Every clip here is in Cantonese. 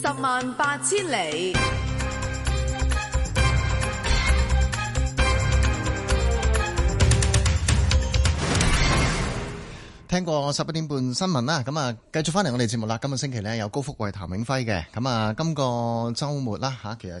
十萬八千里，聽過十一點半新聞啦，咁啊，繼續翻嚟我哋節目啦。今個星期呢，有高福慧譚永輝嘅，咁啊，今個周末啦吓，其實誒，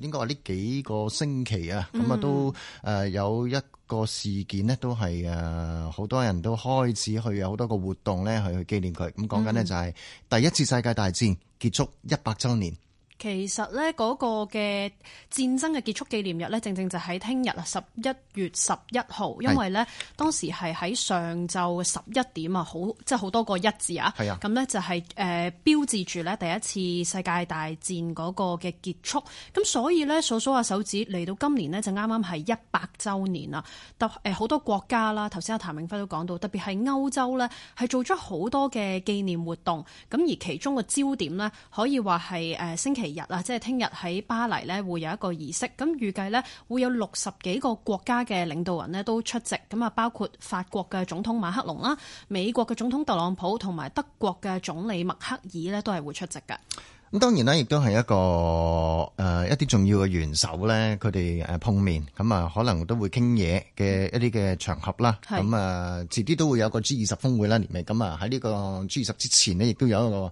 應該話呢幾個星期啊，咁、嗯、啊都誒有一個事件呢，都係誒好多人都開始去有好多個活動咧去去紀念佢。咁講緊呢，就係第一次世界大戰。結束一百周年。其實咧個嘅戰爭嘅結束紀念日咧，正正就喺聽日啊，十一月十一號，因為咧當時係喺上晝十一點啊，好即係好多個一字啊。係啊，咁咧就係、是、誒、呃、標誌住咧第一次世界大戰個嘅結束。咁所以咧數數下手指，嚟到今年咧就啱啱係一百周年啦。特誒好多國家啦，頭先阿譚詠輝都講到，特別係歐洲咧係做咗好多嘅紀念活動。咁而其中個焦點咧，可以話係誒星期日啊，即係聽日喺巴黎呢會有一個儀式，咁預計呢會有六十幾個國家嘅領導人呢都出席，咁啊包括法國嘅總統馬克龍啦，美國嘅總統特朗普同埋德國嘅總理默克爾呢都係會出席噶。咁當然啦，亦都係一個誒、呃、一啲重要嘅元首呢，佢哋誒碰面，咁啊可能都會傾嘢嘅一啲嘅場合啦。咁啊遲啲都會有個 G 二十峰會啦，年尾咁啊喺呢個 G 二十之前呢，亦都有一個。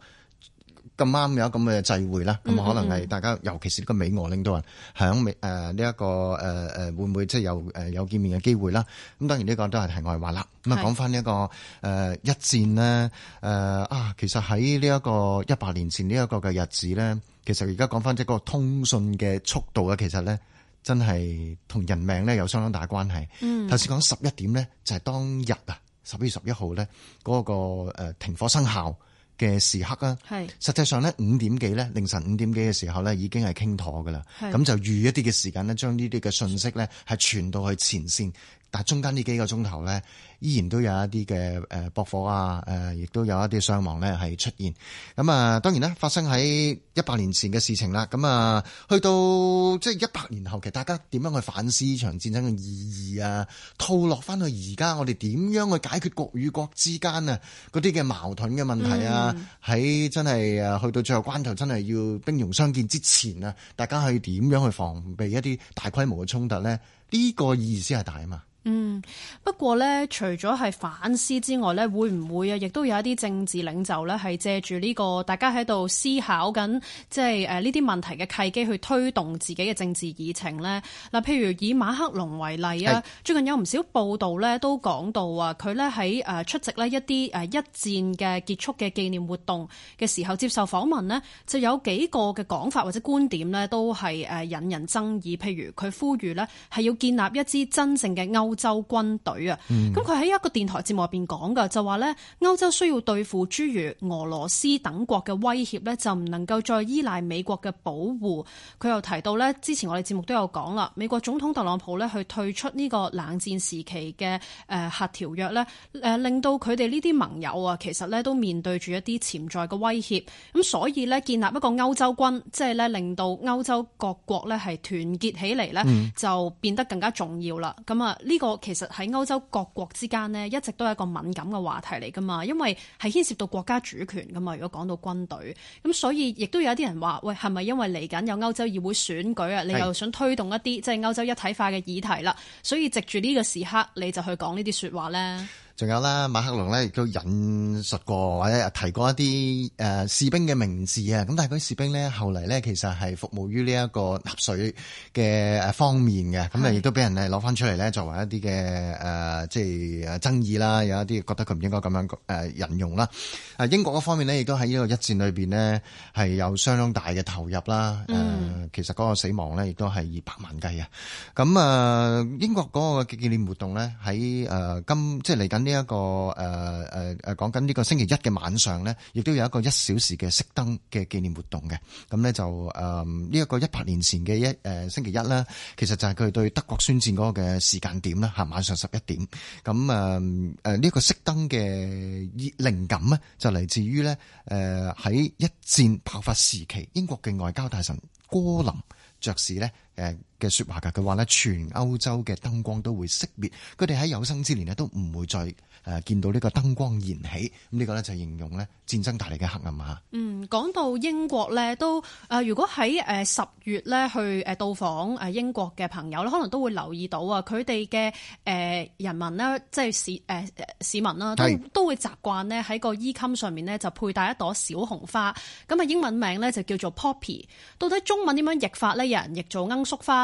咁啱有咁嘅際會啦，咁可能係大家，尤其是呢個美俄領導人，喺美誒呢一個誒、呃、會唔會即係有有、呃、見面嘅機會啦？咁當然呢個都係題外話啦。咁啊講翻呢一個誒、呃、一戰呢，誒、呃、啊，其實喺呢一個一百年前呢一個嘅日子咧，其實而家講翻即係個通訊嘅速度啊，其實咧真係同人命咧有相當大關係。頭先講十一點咧，就係、是、當日啊，十一月十一號咧嗰個停火生效。嘅時刻啊，係實際上咧五點幾咧凌晨五點幾嘅時候咧已經係傾妥噶啦，咁就預一啲嘅時間咧，將呢啲嘅信息咧係傳到去前線。但中間呢幾個鐘頭呢，依然都有一啲嘅誒博火啊！誒，亦都有一啲傷亡呢係出現。咁啊，當然啦，發生喺一百年前嘅事情啦。咁啊，去到即係一百年後，其實大家點樣去反思呢場戰爭嘅意義啊？套落翻去而家，我哋點樣去解決國與國之間啊嗰啲嘅矛盾嘅問題啊？喺、嗯、真係去到最後關頭，真係要兵戎相見之前啊，大家去點樣去防備一啲大規模嘅衝突呢？呢、這個意思係大啊嘛！嗯，不過呢，除咗係反思之外呢，會唔會啊，亦都有一啲政治領袖呢係借住呢個大家喺度思考緊，即係誒呢啲問題嘅契機去推動自己嘅政治議程呢？嗱，譬如以馬克龍為例啊，最近有唔少報道呢都講到啊，佢呢喺誒出席呢一啲誒一戰嘅結束嘅紀念活動嘅時候接受訪問呢，就有幾個嘅講法或者觀點呢，都係誒引人爭議。譬如佢呼籲呢，係要建立一支真正嘅歐歐洲軍隊啊，咁佢喺一個電台節目入邊講噶，就話呢歐洲需要對付諸如俄羅斯等國嘅威脅呢，就唔能夠再依賴美國嘅保護。佢又提到呢，之前我哋節目都有講啦，美國總統特朗普呢去退出呢個冷戰時期嘅誒核條約呢，誒令到佢哋呢啲盟友啊，其實呢都面對住一啲潛在嘅威脅。咁所以呢，建立一個歐洲軍，即係呢，令到歐洲各國呢係團結起嚟呢，就變得更加重要啦。咁啊呢個。個其實喺歐洲各國之間咧，一直都係一個敏感嘅話題嚟噶嘛，因為係牽涉到國家主權噶嘛。如果講到軍隊，咁所以亦都有啲人話，喂，係咪因為嚟緊有歐洲議會選舉啊，你又想推動一啲即係歐洲一體化嘅議題啦，所以藉住呢個時刻，你就去講呢啲說話呢。仲有啦，馬克龍咧亦都引述過或者提過一啲誒士兵嘅名字啊，咁但係嗰啲士兵咧後嚟咧其實係服務於呢一個納粹嘅誒方面嘅，咁啊亦都俾人誒攞翻出嚟咧作為一啲嘅誒即係誒爭議啦，有一啲覺得佢唔應該咁樣誒引用啦。啊英國嗰方面咧亦都喺呢個一戰裏邊咧係有相當大嘅投入啦，誒、嗯、其實嗰個死亡咧亦都係二百萬計啊，咁啊英國嗰個紀念活動咧喺誒今即係嚟緊。呢、這、一個誒誒誒講緊呢個星期一嘅晚上咧，亦都有一個一小時嘅熄燈嘅紀念活動嘅。咁咧就誒呢一個一百年前嘅一誒、呃、星期一啦，其實就係佢對德國宣戰嗰個嘅時間點啦。嚇，晚上十一點。咁誒誒呢一個熄燈嘅靈感咧，就嚟自於咧誒喺一戰爆發時期，英國嘅外交大臣郭林爵士咧，呃嘅説話㗎，佢話咧全歐洲嘅燈光都會熄滅，佢哋喺有生之年呢都唔會再誒見到呢個燈光燃起，咁、這、呢個咧就形容咧戰爭帶嚟嘅黑暗嚇。嗯，講到英國咧，都誒如果喺誒十月咧去誒到訪誒英國嘅朋友咧，可能都會留意到啊，佢哋嘅誒人民咧，即係市誒市民啦，都都會習慣呢喺個衣襟上面呢就佩戴一朵小紅花，咁啊英文名咧就叫做 Poppy。到底中文點樣譯法咧？有人譯做罌粟花。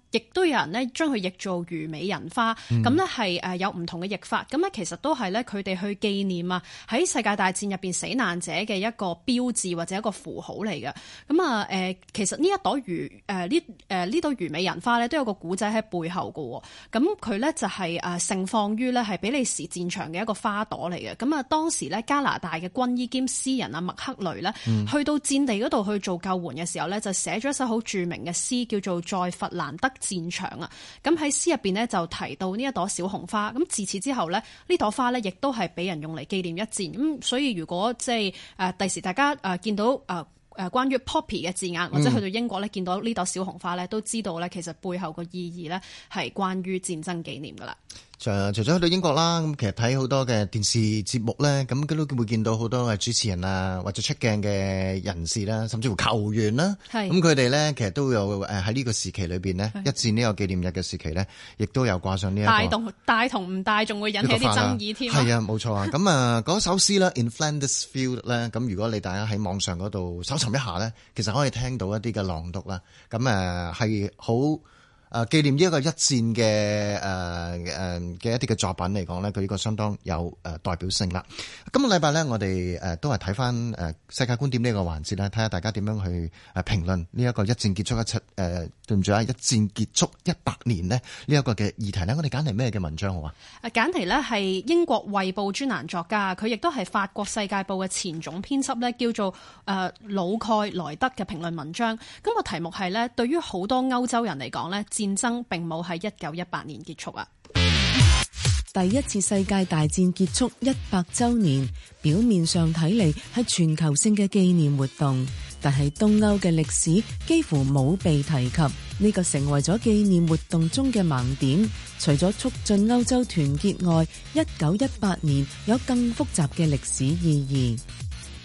亦都有人咧將佢譯做虞美人花，咁咧係誒有唔同嘅譯法，咁咧其實都係咧佢哋去紀念啊喺世界大戰入邊死難者嘅一個標誌或者一個符號嚟嘅。咁啊誒，其實呢一朵虞誒呢誒呢朵虞美人花咧都有個古仔喺背後㗎喎。咁佢咧就係誒盛放於咧係比利時戰場嘅一個花朵嚟嘅。咁啊當時咧加拿大嘅軍醫兼詩人啊麥克雷咧去到戰地嗰度去做救援嘅時候咧就寫咗一首好著名嘅詩叫做在佛蘭德。戰場啊，咁喺詩入面咧就提到呢一朵小紅花，咁自此之後咧，呢朵花咧亦都係俾人用嚟紀念一戰。咁所以如果即係誒第時大家誒見到誒誒關於 poppy 嘅字眼，或者去到英國咧見到呢朵小紅花咧，都知道咧其實背後個意義咧係關於戰爭紀念噶啦。就除咗去到英國啦，咁其實睇好多嘅電視節目咧，咁都會見到好多嘅主持人啊，或者出鏡嘅人士啦，甚至乎球員啦，咁佢哋咧其實都有誒喺呢個時期裏面呢，一戰呢個紀念日嘅時期咧，亦都有掛上呢、這、一個大同大同唔大，仲會引起啲爭議添。係、這個、啊，冇錯啊。咁啊，嗰 首詩啦，In Flanders Field 咧，咁如果你大家喺網上嗰度搜尋一下咧，其實可以聽到一啲嘅朗讀啦。咁係好。誒紀念呢一個一戰嘅誒誒嘅一啲嘅作品嚟講呢，佢呢個相當有誒代表性啦。今個禮拜呢，我哋誒都係睇翻誒世界觀點呢個環節呢，睇下大家點樣去誒評論呢一個一戰結束一七誒，對唔住啊，一戰結束一百年呢，呢一個嘅議題呢，我哋揀題咩嘅文章好啊？誒揀題呢係英國《衛報》專欄作家，佢亦都係法國《世界報》嘅前總編輯呢，叫做誒、呃、努蓋萊德嘅評論文章。咁個題目係呢，對於好多歐洲人嚟講呢。戰爭並冇喺一九一八年結束啊！第一次世界大戰結束一百周年，表面上睇嚟係全球性嘅紀念活動，但係東歐嘅歷史幾乎冇被提及，呢個成為咗紀念活動中嘅盲點。除咗促進歐洲團結外，一九一八年有更複雜嘅歷史意義。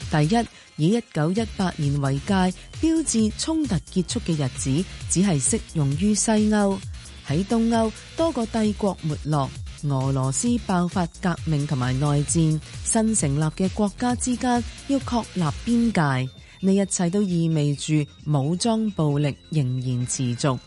第一，以一九一八年為界。標誌衝突結束嘅日子，只係適用於西歐。喺東歐，多個帝國沒落，俄羅斯爆發革命同埋內戰，新成立嘅國家之間要確立邊界。呢一切都意味住武裝暴力仍然持續，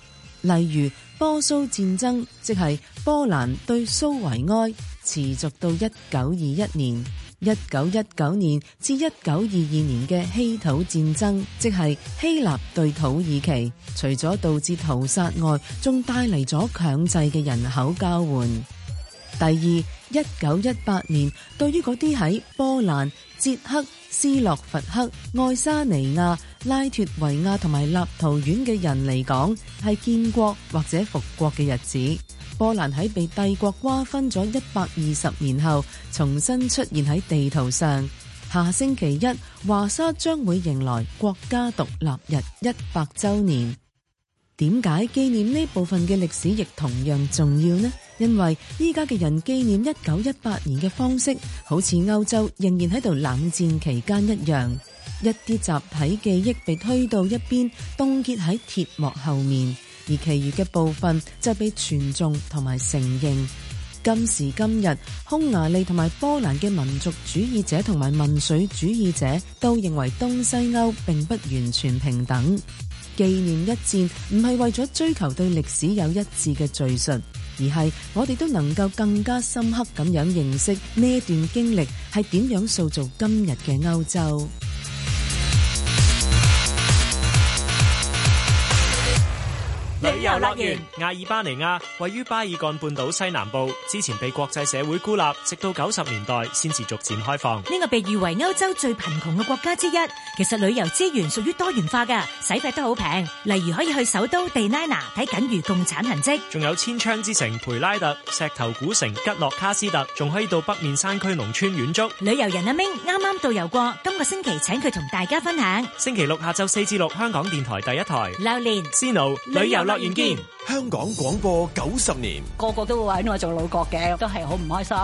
例如波蘇戰爭，即係波蘭對蘇維埃持續到一九二一年。一九一九年至一九二二年嘅希土戰爭，即係希臘對土耳其，除咗導致屠殺外，仲帶嚟咗強制嘅人口交換。第二，一九一八年，對於嗰啲喺波蘭、捷克、斯洛伐克、愛沙尼亞、拉脫維亞同埋立陶宛嘅人嚟講，係建國或者復國嘅日子。波蘭喺被帝國瓜分咗一百二十年後，重新出現喺地圖上。下星期一，華沙將會迎來國家獨立日一百周年。點解紀念呢部分嘅歷史亦同樣重要呢？因為依家嘅人紀念一九一八年嘅方式，好似歐洲仍然喺度冷戰期間一樣，一啲集體記憶被推到一邊，凍結喺鐵幕後面。而其餘嘅部分就被傳頌同埋承認。今時今日，匈牙利同埋波蘭嘅民族主義者同埋民粹主義者都認為東西歐並不完全平等。紀念一戰唔係為咗追求對歷史有一致嘅敘述，而係我哋都能夠更加深刻咁樣認識呢一段經歷係點樣塑造今日嘅歐洲。旅遊樂園阿爾巴尼亞位於巴爾幹半島西南部，之前被國際社會孤立，直到九十年代先至逐漸開放。呢、這個被譽為歐洲最貧窮嘅國家之一。其實旅遊資源屬於多元化嘅，洗費都好平。例如可以去首都地拉納睇僅餘共產痕迹，仲有千窗之城培拉特、石頭古城吉洛卡斯特，仲可以到北面山區農村遠足。旅遊人阿明啱啱導遊過，今個星期請佢同大家分享。星期六下晝四至六，香港電台第一台。榴蓮 s n 旅遊落完鍵，香港廣播九十年，個個都會話我做老角嘅，都係好唔開心。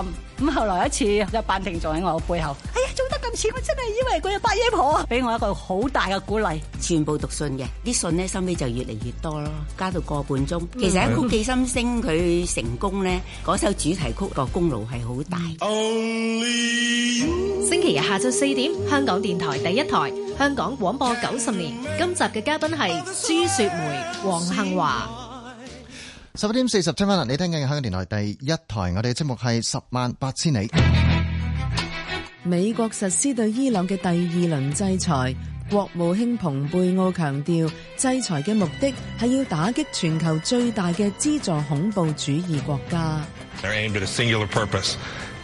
咁後來一次，就扮定坐喺我背後，哎呀做得咁似，我真係以為佢係八爺婆啊！俾我一個好大嘅鼓勵，全部讀信嘅，啲信咧收尾就越嚟越多咯，加到個半鐘。其實《一曲寄心聲》佢成功咧，嗰首主題曲個功勞係好大。星期日下晝四點，香港電台第一台《香港廣播九十年》。今集嘅嘉賓係朱雪梅、黃杏華。十一點四十七分啦，你聽緊嘅香港電台第一台。我哋嘅節目係《十萬八千里》。美國實施對伊朗嘅第二輪制裁，國務卿蓬佩奧強調，制裁嘅目的係要打擊全球最大嘅資助恐怖主義國家。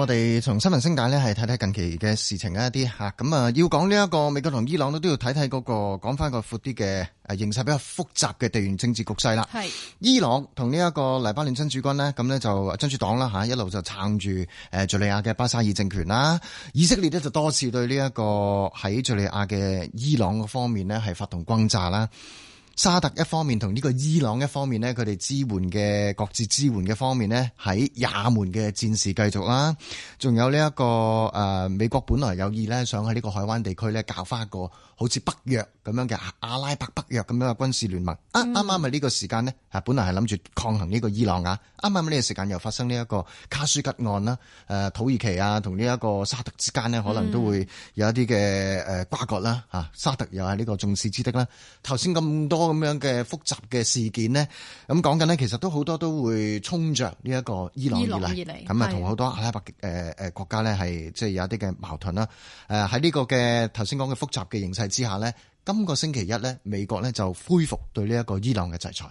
我哋從新聞升解咧，係睇睇近期嘅事情嘅一啲吓，咁啊要講呢、那個、一個美國同伊朗都都要睇睇嗰個講翻個闊啲嘅誒形勢比較複雜嘅地緣政治局勢啦。係伊朗同呢一個黎巴嫩真主軍呢，咁呢就真主黨啦吓，一路就撐住誒叙利亞嘅巴沙爾政權啦。以色列呢，就多次對呢一個喺叙利亞嘅伊朗嘅方面呢，係發動轟炸啦。沙特一方面同呢個伊朗一方面咧，佢哋支援嘅各自支援嘅方面咧，喺也門嘅戰事繼續啦。仲有呢、這、一個誒、呃、美國本來有意咧，想喺呢個海灣地區咧搞翻一個好似北約咁樣嘅阿拉伯北約咁樣嘅軍事聯盟。啱啱咪呢個時間咧，啊本來係諗住抗衡呢個伊朗啊，啱啱咪呢個時間又發生呢一個卡舒吉案啦。誒、呃、土耳其啊，同呢一個沙特之間咧，可能都會有一啲嘅誒瓜葛啦。吓、呃、沙特又係呢個眾矢之的啦。頭先咁多。咁樣嘅複雜嘅事件呢，咁講緊呢，其實都好多都會衝着呢一個伊朗而嚟，咁啊同好多阿拉伯誒誒國家呢，係即係有一啲嘅矛盾啦。誒喺呢個嘅頭先講嘅複雜嘅形勢之下呢，今個星期一呢，美國呢就恢復對呢一個伊朗嘅制裁。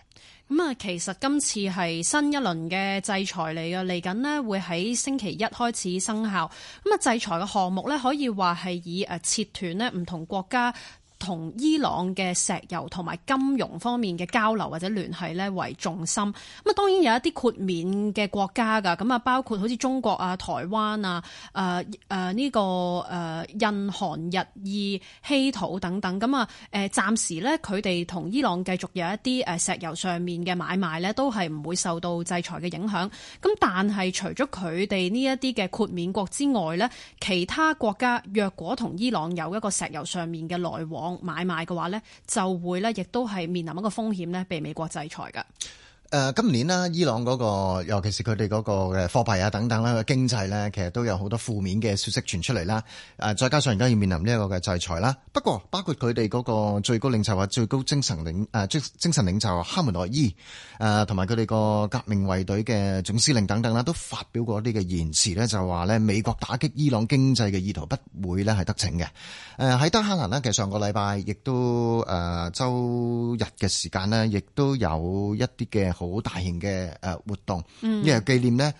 咁啊，其實今次係新一輪嘅制裁嚟嘅，嚟緊呢，會喺星期一開始生效。咁啊，制裁嘅項目呢，可以話係以誒切斷呢唔同國家。同伊朗嘅石油同埋金融方面嘅交流或者聯繫咧為重心。咁啊，當然有一啲豁免嘅國家㗎。咁啊，包括好似中國啊、台灣啊、誒誒呢個誒、啊、印韓日意希土等等。咁、嗯、啊，誒暫時咧佢哋同伊朗繼續有一啲誒石油上面嘅買賣咧，都係唔會受到制裁嘅影響，咁但係除咗佢哋呢一啲嘅豁免國之外咧，其他國家若果同伊朗有一個石油上面嘅來往，買賣嘅話咧，就會咧，亦都係面臨一個風險咧，被美國制裁噶。誒，今年啦，伊朗嗰、那個，尤其是佢哋嗰個嘅貨幣啊等等啦，經濟咧，其實都有好多負面嘅消息傳出嚟啦。誒，再加上而家要面臨呢一個嘅制裁啦。不過，包括佢哋嗰個最高領袖啊，最高精神領誒、啊、精神領袖哈梅內伊誒，同埋佢哋個革命衛隊嘅總司令等等啦，都發表過啲嘅言辭咧，就話咧美國打擊伊朗經濟嘅意圖不會咧係得逞嘅。誒、啊、喺德黑蘭呢，其實上個禮拜亦都誒、啊、週日嘅時間呢，亦都有一啲嘅，好大型嘅誒活動呢，因為紀念咧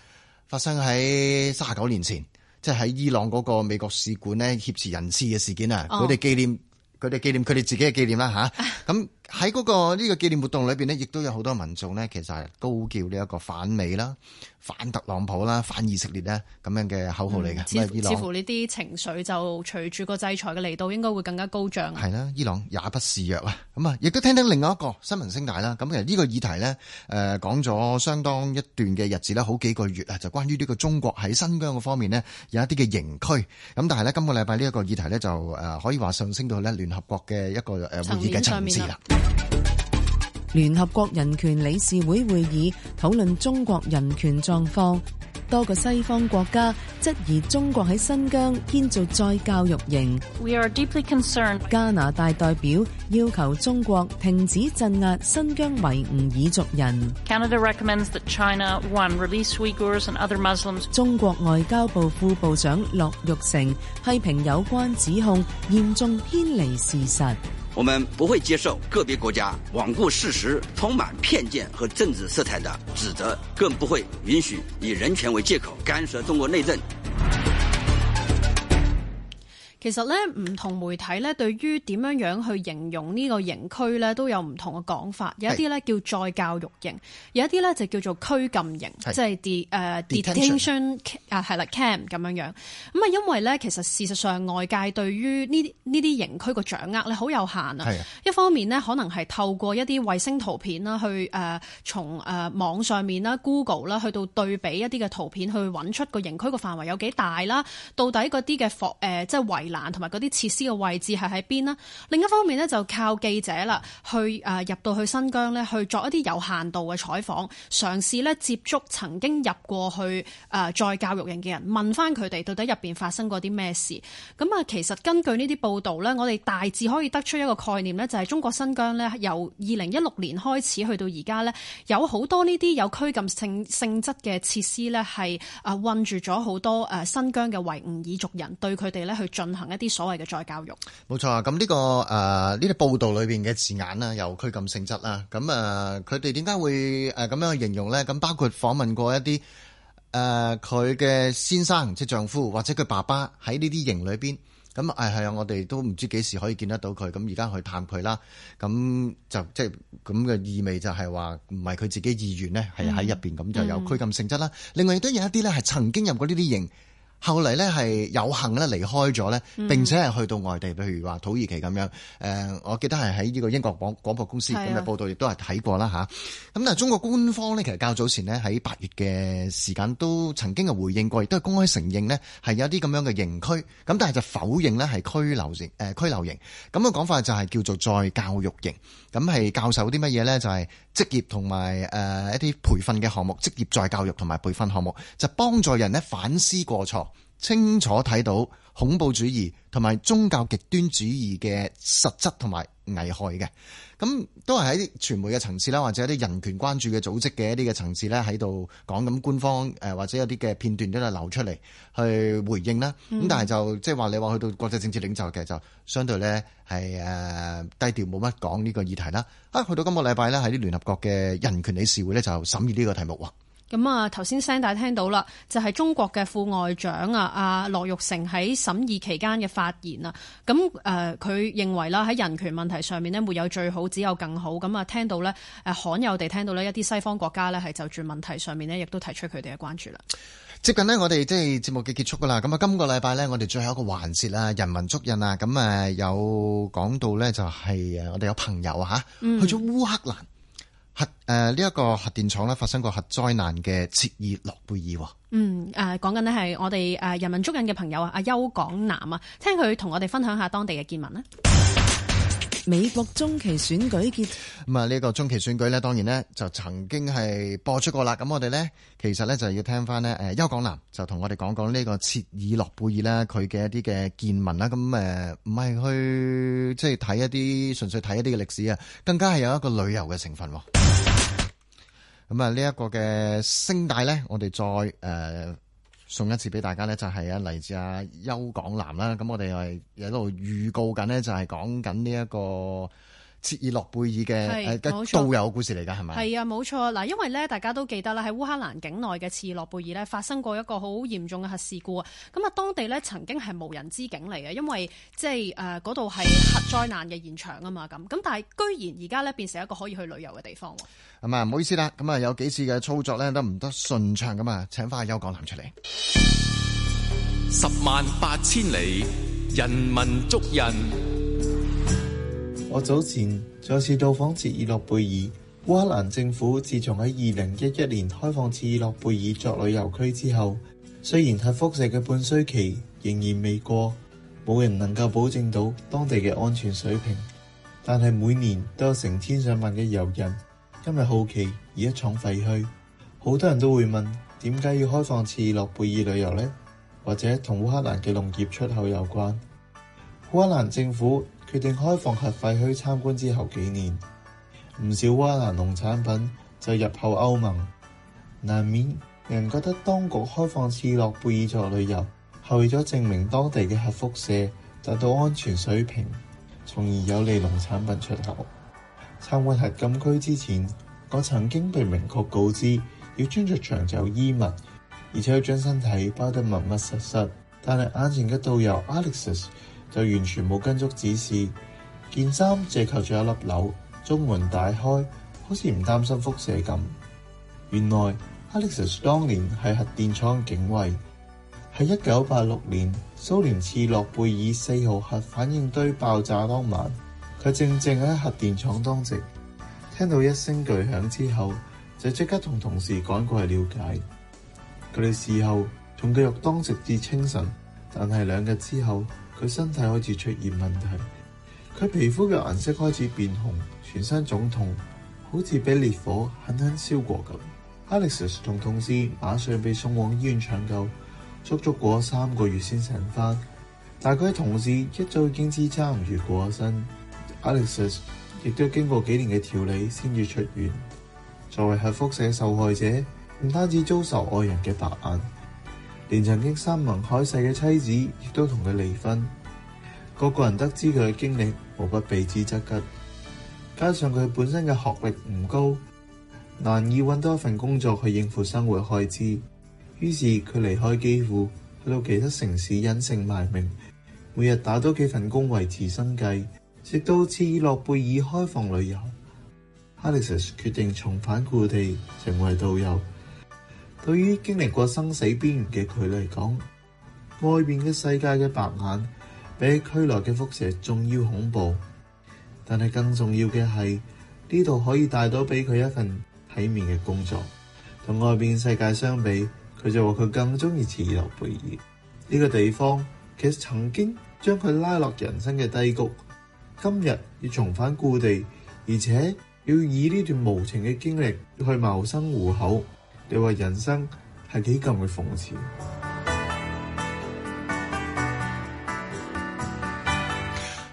發生喺三十九年前，即係喺伊朗嗰個美國使館咧挾持人質嘅事件啊！佢哋紀念，佢哋紀念，佢哋自己嘅紀念啦吓咁。喺嗰個呢個紀念活動裏面呢，亦都有好多民眾呢，其實係高叫呢一個反美啦、反特朗普啦、反以色列呢咁樣嘅口號嚟嘅。似、嗯、似乎呢啲情緒就隨住個制裁嘅嚟到，應該會更加高漲。係啦，伊朗也不示弱啦。咁啊，亦都聽聽另外一個新聞聲帶啦。咁其實呢個議題呢，誒講咗相當一段嘅日子啦，好幾個月啊，就關於呢個中國喺新疆嘅方面呢，有一啲嘅營區。咁但係呢，今個禮拜呢一個議題呢，就可以話上升到呢聯合國嘅一個誒會議嘅層次啦。聯合國人權理事會會議討論中國人權狀況，多個西方國家質疑中國喺新疆建造再教育營。加拿大代表要求中國停止鎮壓新疆維吾爾族人。Canada recommends that China one release Uyghurs and other Muslims。中國外交部副部長駱玉成批評有關指控嚴重偏離事實。我們不會接受個別國家罔顧事實、充滿偏見和政治色彩的指責，更不會允許以人權為借口干涉中國內政。其實咧，唔同媒體咧，對於點樣樣去形容呢個營區咧，都有唔同嘅講法。有一啲咧叫再教育營；有一啲咧就叫做拘禁營，即係 det、uh, detention, detention cam，啊，係啦 c a m 咁樣咁啊，因為咧，其實事實上外界對於呢呢啲營區個掌握咧，好有限啊。一方面呢，可能係透過一啲衛星圖片啦，去誒從誒網上面啦、Google 啦，去到對比一啲嘅圖片，去揾出個營區個範圍有幾大啦，到底嗰啲嘅房誒即係圍難同埋嗰啲設施嘅位置係喺邊咧。另一方面咧就靠記者啦，去誒入到去新疆咧，去作一啲有限度嘅採訪，嘗試咧接觸曾經入過去誒再教育營嘅人，問翻佢哋到底入邊發生過啲咩事。咁啊，其實根據呢啲報道咧，我哋大致可以得出一個概念咧，就係中國新疆咧由二零一六年開始去到而家咧，有好多呢啲有拘禁性性質嘅設施咧係啊韞住咗好多誒新疆嘅維吾爾族人，對佢哋咧去進行。行一啲所謂嘅再教育，冇錯啊！咁呢個誒呢啲報道裏邊嘅字眼啦，有拘禁性質啦。咁誒，佢哋點解會誒咁樣形容咧？咁包括訪問過一啲誒佢嘅先生，即係丈夫或者佢爸爸喺呢啲營裏邊。咁誒係啊，我哋都唔知幾時可以見得到佢。咁而家去探佢啦。咁就即係咁嘅意味，就係話唔係佢自己的意願咧，係喺入邊咁就有拘禁性質啦、嗯。另外亦都有一啲咧，係曾經入過呢啲營，後嚟咧係有幸咧離開咗咧，並且係去到外地，譬如話土耳其咁樣。誒、呃，我記得係喺呢個英國廣廣播公司咁嘅報道，亦、啊、都係睇過啦吓，咁、啊、但係中國官方咧，其實較早前呢，喺八月嘅時間都曾經係回應過，亦都係公開承認呢，係有啲咁樣嘅營區，咁但係就否認呢，係拘留營。誒拘留營咁嘅講法，就係叫做再教育營。咁係教授啲乜嘢呢？就係、是、職業同埋誒一啲培訓嘅項目，職業再教育同埋培訓項目，就幫助人呢反思過錯。清楚睇到恐怖主義同埋宗教極端主義嘅實質同埋危害嘅，咁都係喺傳媒嘅層次啦，或者一啲人權關注嘅組織嘅一啲嘅層次咧，喺度講緊官方，誒或者一啲嘅片段都係流出嚟去回應啦。咁、嗯、但係就即係話你話去到國際政治領袖嘅就相對咧係誒低調，冇乜講呢個議題啦。啊，去到今個禮拜咧喺啲聯合國嘅人權理事會咧就審議呢個題目喎。咁啊，頭先聲大聽到啦，就係中國嘅副外長啊，阿羅玉成喺審議期間嘅發言啊。咁誒，佢認為啦，喺人權問題上面呢，沒有最好，只有更好。咁啊，聽到呢誒罕有地聽到呢一啲西方國家呢，係就住問題上面呢，亦都提出佢哋嘅關注啦。接近呢，我哋即係節目嘅結束噶啦。咁啊，今個禮拜呢，我哋最後一個環節啦，人文足印啊。咁啊，有講到呢，就係我哋有朋友啊，吓去咗烏克蘭。嗯誒呢一個核電廠咧發生過核災難嘅切爾諾貝爾，嗯誒、呃、講緊咧係我哋誒人文足印嘅朋友啊，阿邱港南啊，聽佢同我哋分享一下當地嘅見聞啦。美國中期選舉結咁啊，呢、嗯，這個中期選舉咧，當然咧就曾經係播出過啦。咁我哋咧其實咧就要聽翻咧誒邱港南就同我哋講講呢個切爾諾貝爾啦，佢嘅一啲嘅見聞啦。咁誒唔係去即係睇一啲純粹睇一啲嘅歷史啊，更加係有一個旅遊嘅成分。咁啊，呢一個嘅聲帶咧，我哋再誒、呃、送一次俾大家咧，就係啊嚟自啊邱港南啦。咁我哋又喺度預告緊咧，就係講緊呢一個切爾諾貝爾嘅嘅導遊故事嚟噶係咪？係啊，冇錯。嗱，因為咧，大家都記得啦，喺烏克蘭境內嘅切爾諾貝爾咧發生過一個好嚴重嘅核事故啊。咁啊，當地咧曾經係無人之境嚟嘅，因為即係誒嗰度係核災難嘅現場啊嘛。咁咁，但係居然而家咧變成一個可以去旅遊嘅地方。係啊，唔好意思啦。咁啊，有幾次嘅操作咧，都唔得順暢咁啊？請翻阿邱港南出嚟。十萬八千里，人文足印。我早前再次到訪切爾諾貝爾，烏克蘭政府自從喺二零一一年開放切爾諾貝爾作旅遊區之後，雖然核輻射嘅半衰期仍然未過，冇人能夠保證到當地嘅安全水平，但係每年都有成千上萬嘅遊人因為好奇而一闖廢墟。好多人都會問，「點解要開放切爾諾貝爾旅遊呢？」或者同烏克蘭嘅農業出口有關。烏克蘭政府。決定開放核廢墟參觀之後幾年，唔少瓜蘭農產品就入口歐盟，難免人覺得當局開放切爾諾貝爾作旅遊，係為咗證明當地嘅核輻射達到安全水平，從而有利農產品出口。參觀核禁區之前，我曾經被明確告知要穿着長袖衣物，而且要將身體包得密密實實。但係眼前嘅導遊 Alexis。就完全冇跟足指示，件衫借扣住一粒鈕，中門大開，好似唔擔心輻射咁。原來 Alexis 當年係核電廠警衛，喺一九八六年蘇聯切爾諾貝爾四號核反應堆爆炸當晚，佢正正喺核電廠當值，聽到一聲巨響之後，就即刻同同事趕過去了解。佢哋事後仲繼續當值至清晨，但係兩日之後。佢身體開始出現問題，佢皮膚嘅顏色開始變紅，全身腫痛，好似俾烈火狠狠燒過咁。Alexis 同同事馬上被送往醫院搶救，足足過咗三個月先醒翻。但係佢嘅同事一早已經支撐唔住過咗身。Alexis 亦都經過幾年嘅調理先至出院。作為核輻射受害者，唔單止遭受愛人嘅白眼。連曾經山盟海誓嘅妻子亦都同佢離婚，個個人得知佢嘅經歷，無不避之則吉。加上佢本身嘅學歷唔高，難以揾多一份工作去應付生活開支，於是佢離開機庫，去到其他城市隱姓埋名，每日打多幾份工維持生計。直到切爾諾貝爾開放旅遊，哈里斯決定重返故地，成為導遊。對於經歷過生死邊緣嘅佢嚟講，外面嘅世界嘅白眼比區內嘅輻射仲要恐怖。但係更重要嘅係呢度可以帶到俾佢一份體面嘅工作，同外面世界相比，佢就話佢更鍾意切爾諾貝爾呢個地方。其實曾經將佢拉落人生嘅低谷，今日要重返故地，而且要以呢段無情嘅經歷去謀生糊口。你話人生係幾咁嘅諷刺？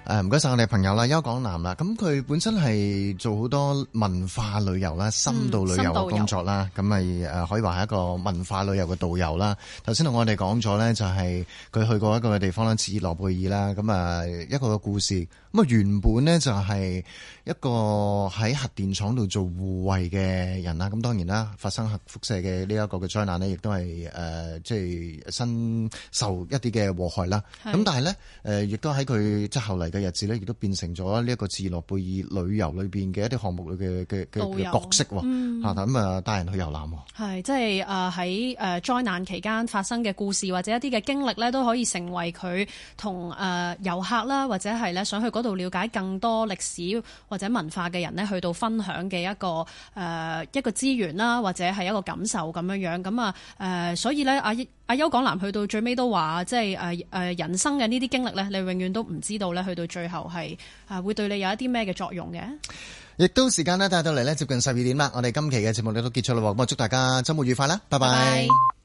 誒唔該晒，我哋朋友啦，邱港南啦，咁佢本身係做好多文化旅遊啦、深度旅遊嘅工作啦，咁咪誒可以話係一個文化旅遊嘅導遊啦。頭先同我哋講咗咧，就係、是、佢去過一個嘅地方啦，切爾諾貝爾啦，咁啊一個嘅故事。咁啊原本咧就係一個喺核電廠度做護衛嘅人啦，咁當然啦，發生核輻射嘅呢一個嘅災難咧，亦都係誒、呃、即係身受一啲嘅禍害啦。咁但係咧誒亦都喺佢即係後嚟。日子咧，亦都變成咗呢一個切爾諾貝爾旅遊裏邊嘅一啲項目嘅嘅嘅導遊角色喎，咁、嗯、啊帶人去遊覽喎，係即係誒喺誒災難期間發生嘅故事或者一啲嘅經歷咧，都可以成為佢同誒遊客啦，或者係咧想去嗰度了解更多歷史或者文化嘅人呢，去到分享嘅一個誒一個資源啦，或者係一個感受，咁樣樣，咁啊誒，所以咧阿益。阿邱港南去到最尾都話，即係誒誒，人生嘅呢啲經歷咧，你永遠都唔知道咧，去到最後係誒會對你有一啲咩嘅作用嘅。亦都時間咧，帶到嚟咧，接近十二點啦。我哋今期嘅節目都結束啦。咁啊，祝大家周末愉快啦，拜拜。Bye bye